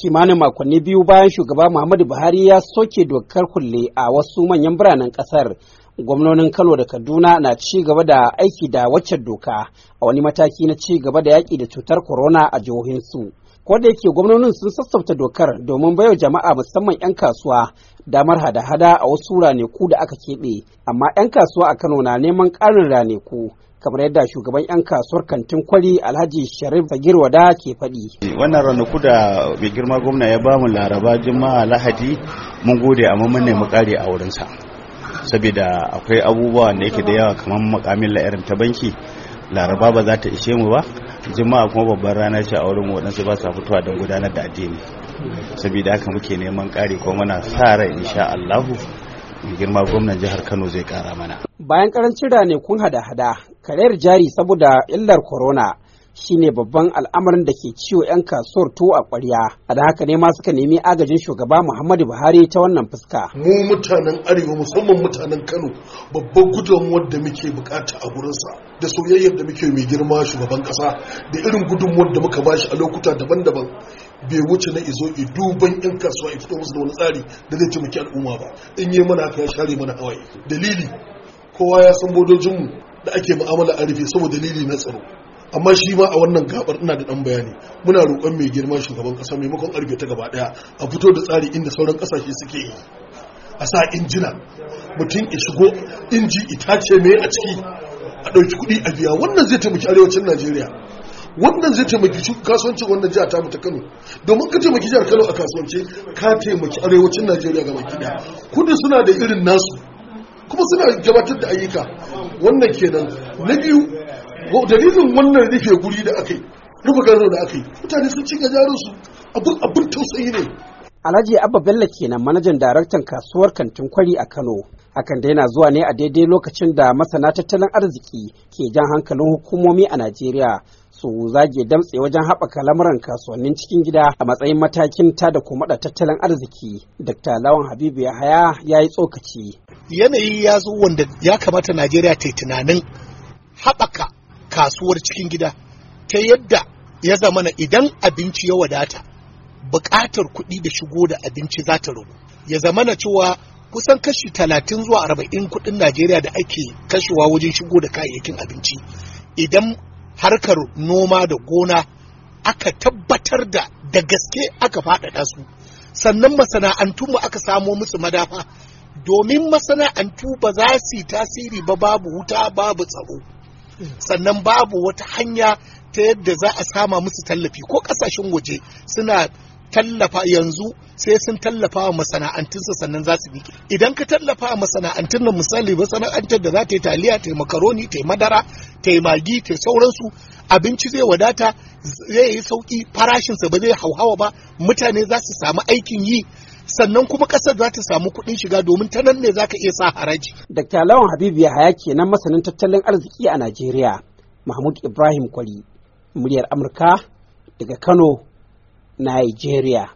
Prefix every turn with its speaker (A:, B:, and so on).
A: kimanin makonni biyu bayan shugaba muhammadu buhari ya soke dokar kulle a wasu manyan biranen kasar gwamnonin kano da kaduna na ci gaba da aiki da waccan doka a wani mataki na ci gaba da yaƙi da cutar korona a jihohinsu ko da yake gwamnonin sun sassauta dokar domin baiwa jama'a musamman 'yan kasuwa damar hada-hada a wasu raneku da aka keɓe amma 'yan kasuwa a kano na neman ƙarin raneku kamar yadda shugaban 'yan kasuwar kantin kwari alhaji sharif fagir wada ke faɗi. wannan ranaku da mai girma
B: gwamna ya bamu laraba juma'a lahadi mun gode amma mun nemi kare a wurinsa saboda akwai abubuwa da yake da yawa kamar makamin la'irin ta banki laraba ba za ta ishe mu ba juma'a kuma babban rana ce a wurin waɗansu ba sa fitowa don gudanar da addini saboda haka muke neman kare kuma muna sa rai insha Allahu girma gwamnan jihar Kano zai kara mana.
A: Bayan karancin kun hada-hada, karayar jari saboda illar corona shine babban al'amarin da ke ciwo 'yan kasuwar tuwo a kwarya a da haka ne ma suka nemi agajin shugaba muhammadu buhari ta wannan fuska
C: mu mutanen arewa musamman mutanen kano babban gudunmuwar da muke bukata a gurinsa da soyayyar da muke mai girma shugaban kasa da irin gudunmuwar da muka bashi a lokuta daban-daban bai wuce na izo i duban yan kasuwa i fito musu da wani tsari da zai taimaki al'umma ba in yi mana haka ya share mana hawaye dalili kowa ya san bodojinmu da ake mu'amala a rufe saboda dalili na tsaro amma shi ma a wannan gabar ina da dan bayani muna roƙon mai girma shugaban ƙasa maimakon arbe ta gaba daya a fito da tsari inda sauran ƙasashe suke yi a sa injina mutum ya shigo inji itace mai a ciki a ɗauki kuɗi a biya wannan zai taimaki arewacin najeriya wannan zai taimaki kasuwancin wannan jiha tamu ta kano domin ka taimaki jihar kano a kasuwanci ka taimaki arewacin najeriya ga baki daya kudu suna da irin nasu kuma suna gabatar da ayyuka wannan kenan na biyu dalilin
A: wannan rike guri da aka yi rufe gano da aka yi mutane sun ci gajarin su abin abin tausayi ne Alhaji Abba Bello kenan manajan daraktan kasuwar kantin kwari a Kano. Hakan da yana zuwa ne a daidai lokacin da masana tattalin arziki ke jan hankalin hukumomi a Najeriya su zage damtse wajen haɓaka lamuran kasuwannin cikin gida a matsayin matakin ta da kuma da tattalin arziki. Dr. Lawan Habibu Yahaya ya yi tsokaci. Yanayi ya zo wanda ya kamata Najeriya ta yi tunanin haɓaka kasuwar
D: cikin gida ta yadda ya zamana idan abinci ya wadata buƙatar kuɗi da shigo da abinci za ta ragu ya zamana cewa kusan kashi talatin zuwa arba'in kuɗin najeriya da ake kashewa wajen shigo da kayayyakin abinci idan harkar noma da gona aka tabbatar da da gaske aka faɗaɗa su sannan masana'antu mu aka samo musu madafa domin masana'antu ba za su yi tasiri ba babu wuta babu tsaro sannan babu wata hanya ta yadda za a sama musu tallafi ko kasashen waje suna tallafa yanzu sai sun tallafa wa masana'antunsa sannan za su bi idan ka tallafa wa masana'antun nan misali masana'antar da za ta yi taliya ta yi makaroni ta yi madara ta yi magi ta yi sauransu abinci zai wadata zai yi sauƙi farashinsa ba zai hauhawa ba mutane
A: za su samu aikin yi sannan kuma ƙasar za ta samu kuɗin shiga domin ta nan ne za ka iya sa haraji. Dr. Lawan Habibu Yahaya kenan masanin tattalin arziki a Najeriya, Mahmud Ibrahim Kwari, muryar Amurka daga Kano, Najeriya.